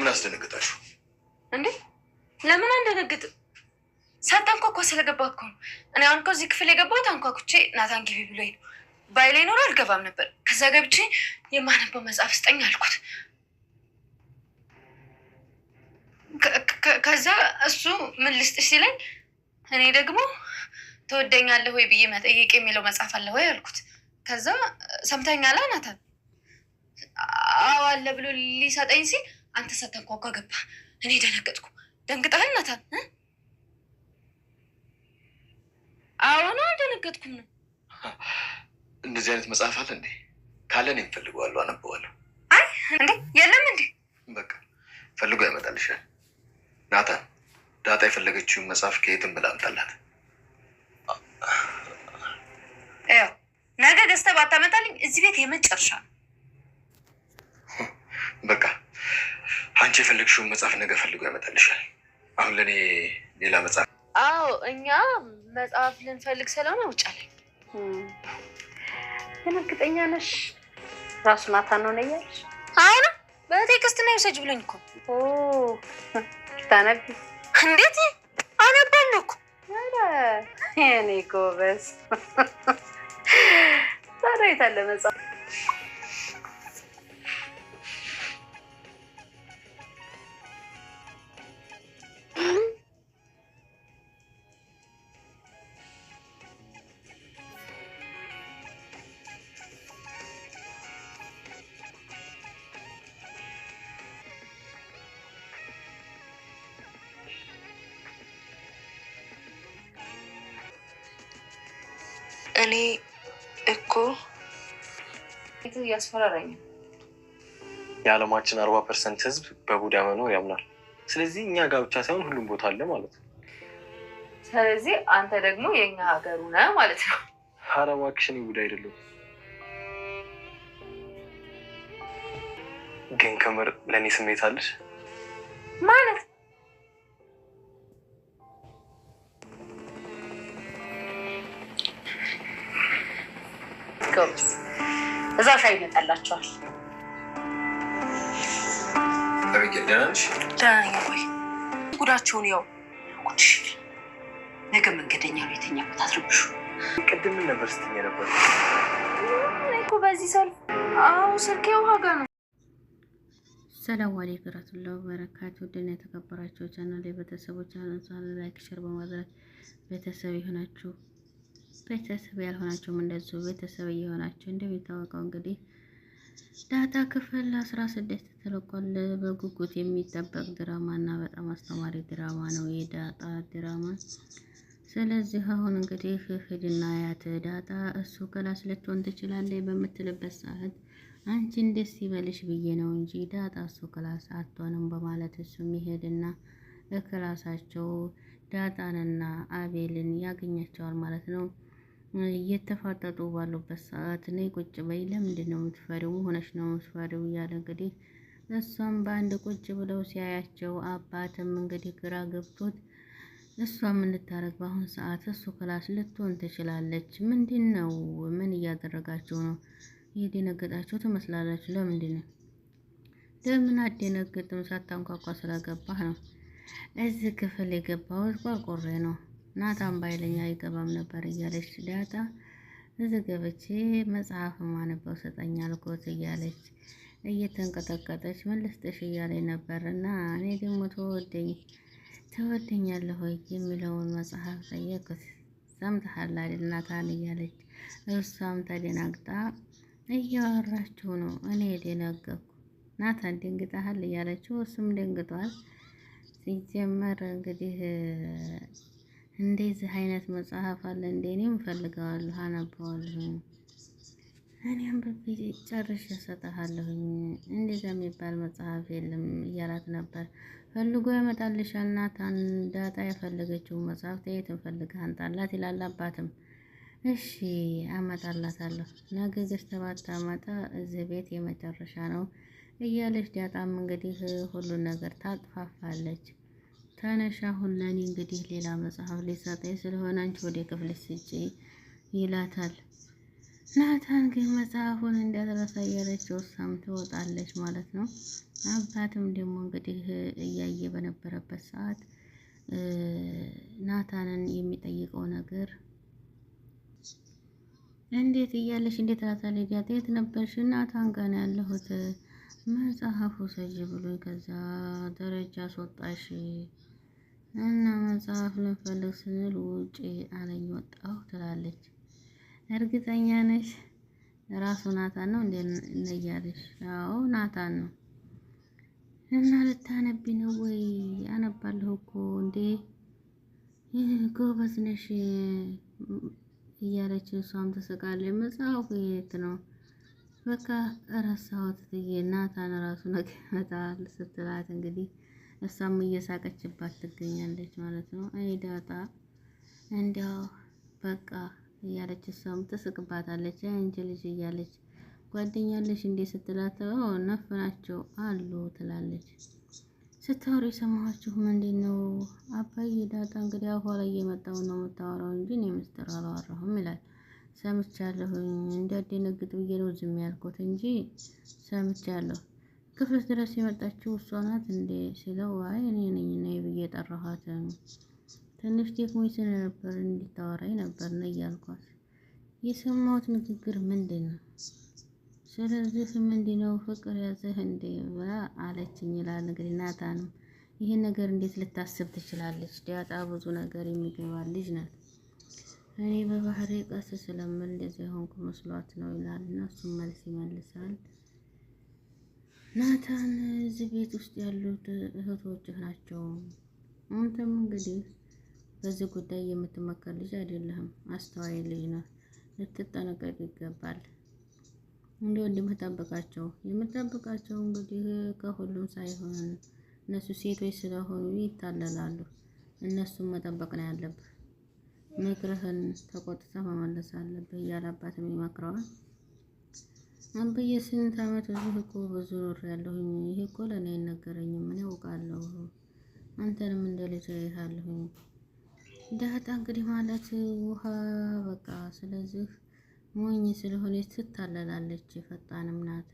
ምን አስደነግጣችሁ እንዴ? ለምን አንደነግጥ? ሳታንኳኳ ስለገባ እኮ ነው። እኔ አሁን እኮ እዚህ ክፍል የገባሁት አንኳኩቼ ናታን ግቢ ብሎ ነው። ባይሌ ኖሮ አልገባም ነበር። ከዛ ገብቼ የማነበው መጽሐፍ ስጠኝ አልኩት። ከዛ እሱ ምን ልስጥሽ ሲለኝ እኔ ደግሞ ትወደኛለህ ወይ ብዬ መጠየቅ የሚለው መጽሐፍ አለ ወይ አልኩት። ከዛ ሰምተኛላ ናታን አዎ አለ ብሎ ሊሰጠኝ ሲል አንተ ሳታንኳኳ ገባ። እኔ ደነገጥኩ። ደንግጠሃል ናታን? አሁን አልደነገጥኩም ነው። እንደዚህ አይነት መጽሐፍ አለ እንዴ? ካለ እኔም ፈልገዋለሁ፣ አነበዋለሁ። አይ እንዴ የለም እንዴ በቃ ፈልጎ ያመጣልሻል። ናታን፣ ዳጣ የፈለገችውን መጽሐፍ ከየትም ብላ አምጣላት። ያው ነገ ገዝተህ ባታመጣልኝ እዚህ ቤት የመጨረሻ ነው። በቃ አንቺ የፈለግሽውን መጽሐፍ ነገ ፈልጎ ያመጣልሻል። አሁን ለእኔ ሌላ መጽሐፍ አዎ፣ እኛ መጽሐፍ ልንፈልግ ስለሆነ ውጭ ላይ ግን እርግጠኛ ነሽ? ራሱ ማታ ነው ነያለሽ? አይ በቴክስት ነው ይውሰጅ ብለኝ እኮ ታነቢ እንዴት አነባለሁ እኮ የእኔ ጎበዝ ታዲያ የታለ መጽሐፍ እኔ እኮ እያስፈራራኝ ነው። የዓለማችን አርባ ፐርሰንት ህዝብ በቡዳ መኖር ያምናል። ስለዚህ እኛ ጋር ብቻ ሳይሆን ሁሉም ቦታ አለ ማለት ነው። ስለዚህ አንተ ደግሞ የእኛ ሀገሩ ነህ ማለት ነው። ኧረ እባክሽ እኔ ቡዳ አይደለም። ግን ክምር ለእኔ ስሜት አለሽ ማለት ጎበዝ። እዛ ሻይ ይመጣላቸዋል። ጉዳቸውን ያው ጉድሽ ነገ መንገደኛ ነው የተኛ ቦታ አትረብሹ። ቅድም ነበር ስትኛ ነበር እኮ በዚህ ሰልፍ። አዎ ስልኬ ውሃ ጋር ነው። ሰላም አለይኩም ወራህመቱላሂ ወበረካቱ። ደህና የተከበራችሁ ቻናል የቤተሰቦች ቻናል ላይክ፣ ሸር በማድረግ ቤተሰብ ይሆናችሁ። ቤተሰብ ያልሆናችሁም እንደዚሁ ቤተሰብ እየሆናችሁ እንደሚታወቀው እንግዲህ ዳታ ክፍል አስራ ስድስት ተለቋል። በጉጉት የሚጠበቅ ድራማ እና በጣም አስተማሪ ድራማ ነው የዳጣ ድራማ። ስለዚህ አሁን እንግዲህ ሂድና ያት ዳጣ እሱ ከላስ ልትሆን ትችላለች በምትልበት ሰዓት አንቺ እንደስ ይበልሽ ብዬ ነው እንጂ ዳጣ እሱ ክላስ አትሆንም በማለት እሱ ይሄድና እክላሳቸው ዳጣንና አቤልን ያገኛቸዋል ማለት ነው። እየተፋጠጡ ባሉበት ሰዓት እኔ ቁጭ በይ፣ ለምንድን ነው የምትፈሪው? ሆነች ነው የምትፈሪው እያለ እንግዲህ እሷም በአንድ ቁጭ ብለው ሲያያቸው አባትም እንግዲህ ግራ ገብቶት እሷ ምን በአሁን ሰዓት እሱ ክላስ ልትሆን ትችላለች። ምንድን ነው ምን እያደረጋችሁ ነው? እየደነገጣችሁ ትመስላላችሁ። ለምንድን ነው ለምን አደነግጥም? ሳታንኳኳ ስለገባህ ነው። እዚህ ክፍል የገባሁት ቆርቆሬ ነው ናታን ባይለኛ አይገባም ነበር እያለች ዳታ እዚህ ገብቼ መጽሐፍ ማነበው ስጠኝ አልኮት እያለች እየተንቀጠቀጠች መለስጠሽ እያለኝ ነበር እና እኔ ደግሞ ተወደኝ ተወደኛለሁ ወይ የሚለውን መጽሐፍ ጠየቅኩት። ሰምተሃል አይደል ናታን እያለች እሷም ተደናግጣ እያወራችሁ ነው እኔ ደነገኩ ናታን ደንግጠሃል እያለችው እሱም ደንግጧል። ሲጀመር እንግዲህ እንደዚህ አይነት መጽሐፍ አለ እንዴ? እኔም እፈልገዋለሁ፣ አነበዋለሁ። እኔም በፊት ጨርሼ እሰጥሃለሁኝ። እንደዛ የሚባል መጽሐፍ የለም እያላት ነበር። ፈልጎ ያመጣልሻል። ናታን ዳጣ የፈለገችውን መጽሐፍ ተየት እንፈልግህ አንጣላት ይላል አባትም። እሺ አመጣላታለሁ፣ ነገ ገዝተህ ባታመጣ እዚህ ቤት የመጨረሻ ነው እያለች ዳጣም እንግዲህ ሁሉን ነገር ታጥፋፋለች። ተነሽ አሁን ለእኔ እንግዲህ ሌላ መጽሐፍ ሊሰጠኝ ስለሆነ አንቺ ወደ ክፍል ስጪ ይላታል። ናታን ግን መጽሐፉን እንዳትረሳ እያለችው እሷም ትወጣለች ማለት ነው። አባትም ደግሞ እንግዲህ እያየ በነበረበት ሰዓት ናታንን የሚጠይቀው ነገር እንዴት እያለሽ እንዴት ራሳለች ያት የት ነበርሽ? ናታን ጋር ነው ያለሁት መጽሐፉ ሰጅ ብሎኝ ከዛ ደረጃ አስወጣሽ እና መጽሐፍ ልንፈልግ ስንል ውጪ አለኝ ወጣሁ ትላለች። እርግጠኛ ነሽ ራሱ ናታን ነው እንዴ እያለሽ? አዎ ናታን ነው። እና ልታነቢ ነው ወይ? አነባለሁ እኮ እንዴ ጎበዝ ነሽ እያለች እሷም ትስቃለች። መጽሐፉ የት ነው? በቃ ረሳሁት ትዬ ናታን ራሱ ነገ ይመጣል ስትላት እንግዲህ እሷም እየሳቀችባት ትገኛለች ማለት ነው። እኔ ዳጣ እንዲያው በቃ እያለች እሷም ትስቅባታለች። አንቺ ልጅ እያለች ጓደኛለች እንዴ ስትላት ነፍ ናቸው አሉ ትላለች። ስታወሩ የሰማኋችሁ ምንድን ነው አባዬ ዳጣ እንግዲህ አፏ ላይ እየመጣው ነው የምታወራው እንጂ እኔ ምስጢር አላወራሁም ይላል። ሰምቻለሁኝ እንዲያደነግጥ ብዬ ነው ዝም ያልኩት እንጂ ሰምቻለሁ ክፍል ድረስ የመጣችው እሷ ናት እንዴ ሲለው አይ እኔ ነኝ ነይ ብዬ የጠራኋት ትንሽ ቴክሞኝ ስለነበር እንዲታወራኝ ነበር ነ እያልኳት፣ የሰማሁት ንግግር ምንድን ነው? ስለዚህ ምንድነው ፍቅር ያዘህ እንዴ ብላ አለችኝ ይላል እንግዲህ ናታንም ይህን ነገር እንዴት ልታስብ ትችላለች? ዲያጣ ብዙ ነገር የሚገባ ልጅ ናት። እኔ በባህሬ ቀስ ስለምል እንደዚህ ሆንኩ መስሏት ነው ይላል እና እሱም መልስ ይመልሳል። ናታን እዚህ ቤት ውስጥ ያሉት እህቶችህ ናቸው። አንተም እንግዲህ በዚህ ጉዳይ የምትመከር ልጅ አይደለህም፣ አስተዋይ ልጅ ነህ። ልትጠነቀቅ ይገባል። እንደ ወንድምህ ጠብቃቸው። የምጠብቃቸው እንግዲህ ከሁሉም ሳይሆን እነሱ ሴቶች ስለሆኑ ይታለላሉ። እነሱን መጠበቅ ነው ያለብህ። ምክርህን ተቆጥተህ መመለስ አለብህ እያለ አባትም ይመክረዋል። አብዬ ስንት ዓመት እዚህ እኮ ብዙ ኖር ያለሁኝ ይሄ እኮ ለእኔ አይነገረኝም። ምን አውቃለሁ፣ አንተንም እንደ ልጅ ይሃለሁኝ። ዳጣ እንግዲህ ማለት ውሃ በቃ። ስለዚህ ሞኝ ስለሆነች ትታለላለች፣ ፈጣንም ናት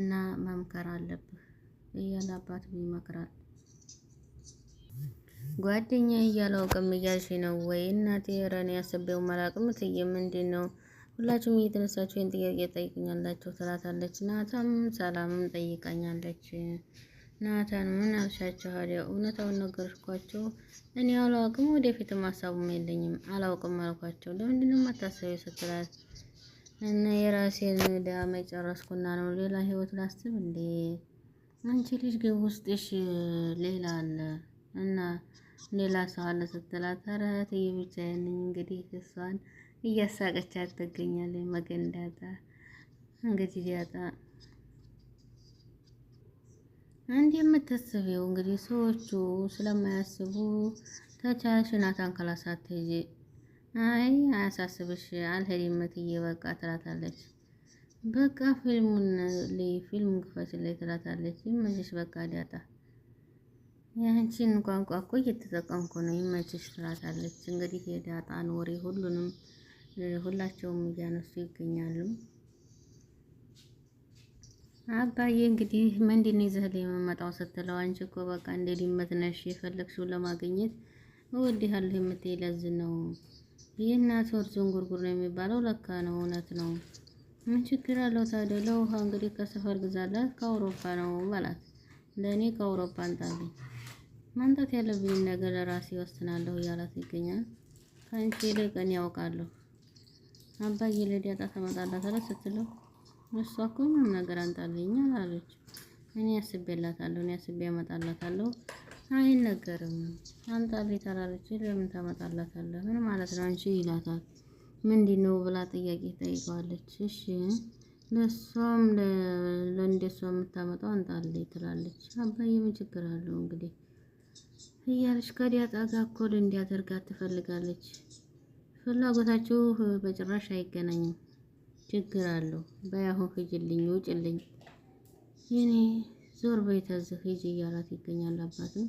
እና መምከር አለብህ እያለ አባት ይመክራል። ጓደኛ እያላውቅም እያልሽ ነው ወይ እናቴ? ኧረ እኔ መላቅም ትዬ ምንድን ነው ሁላችሁም እየተነሳችሁ ይህን ጥያቄ ጠይቁኛላችሁ ትላታለች። ናታም ሰላምም ጠይቀኛለች። ናታን ምን አልሻችኋል? እውነታውን ነገርኳቸው። እኔ አላውቅም፣ ወደፊትም ሀሳቡም የለኝም አላውቅም አልኳቸው። ለምንድነው ነው ስትላት እና የራሴን ዳ መጨረስኩና ነው ሌላ ህይወት ላስብ እንዴ? አንቺ ልጅ ግን ውስጥሽ ሌላ አለ እና ሌላ ሰው አለ ስትላት ኧረ ተይ ብቻዬን እንግዲህ እሷን እያሳቀቻት ትገኛለች። መገንዳታ እንግዲህ ዳጣ እንዲህ የምታስቢው እንግዲህ ሰዎቹ ስለማያስቡ ተቻሽ ናታን ከላሳት ሂጂ፣ አይ አያሳስብሽ፣ አልሄድም እትዬ በቃ ትላታለች። በቃ ፊልሙን ላይ ፊልም ግፋች ላይ ትላታለች። ይመችሽ በቃ ዳጣ ያንቺን ቋንቋ እኮ እየተጠቀምኩ ነው፣ ይመችሽ ትላታለች። እንግዲህ የዳጣን ወሬ ሁሉንም ሁላቸውም እያነሱ ይገኛሉ። አባዬ እንግዲህ ምንድን ነው ይዘህ የምመጣው ስትለው፣ አንቺ እኮ በቃ እንደ ድመት ነሽ የፈለግሽውን ለማግኘት እወድሃለሁ የምትይ ለዝ ነው። ይህና ወር ዝንጉርጉር ነው የሚባለው ለካ ነው እውነት ነው። ምን ችግር አለው ታዲያ? ለውሃ እንግዲህ ከሰፈር ግዛላት ከአውሮፓ ነው ማለት ለእኔ ከአውሮፓ አንጣልኝ ማንጣት ያለብኝ ነገር ለራሴ ወስናለሁ እያላት ይገኛል። ከአንቺ ይልቅ እኔ ያውቃለሁ። አባዬ ለዳጣ ታመጣላታለ ስትለው እሷ እኮ ምንም ነገር አንጣልኛል አለች። እኔ አስቤላታለሁ እኔ አስቤ ያመጣላታለሁ አይነገርም አምጣልኝ ታላለች። ለምን ታመጣላታለህ? ምን ማለት ነው አንቺ ይላታል። ምንድን ነው ብላ ጥያቄ ጠይቀዋለች። እሺ ለእሷም ለእንደሷ የምታመጣው አምጣልኝ ትላለች። አባዬ ምን ችግር አለው እንግዲህ እያለች ከዳጣ ጋር እኮ እንዲያደርጋት ትፈልጋለች። ፍላጎታችሁ በጭራሽ አይገናኝም። ችግር አለው። በያሁን ሂጅልኝ፣ ውጭልኝ፣ የኔ ዞር በይ ተዝህ ሂጂ እያላት ይገኛል አባትም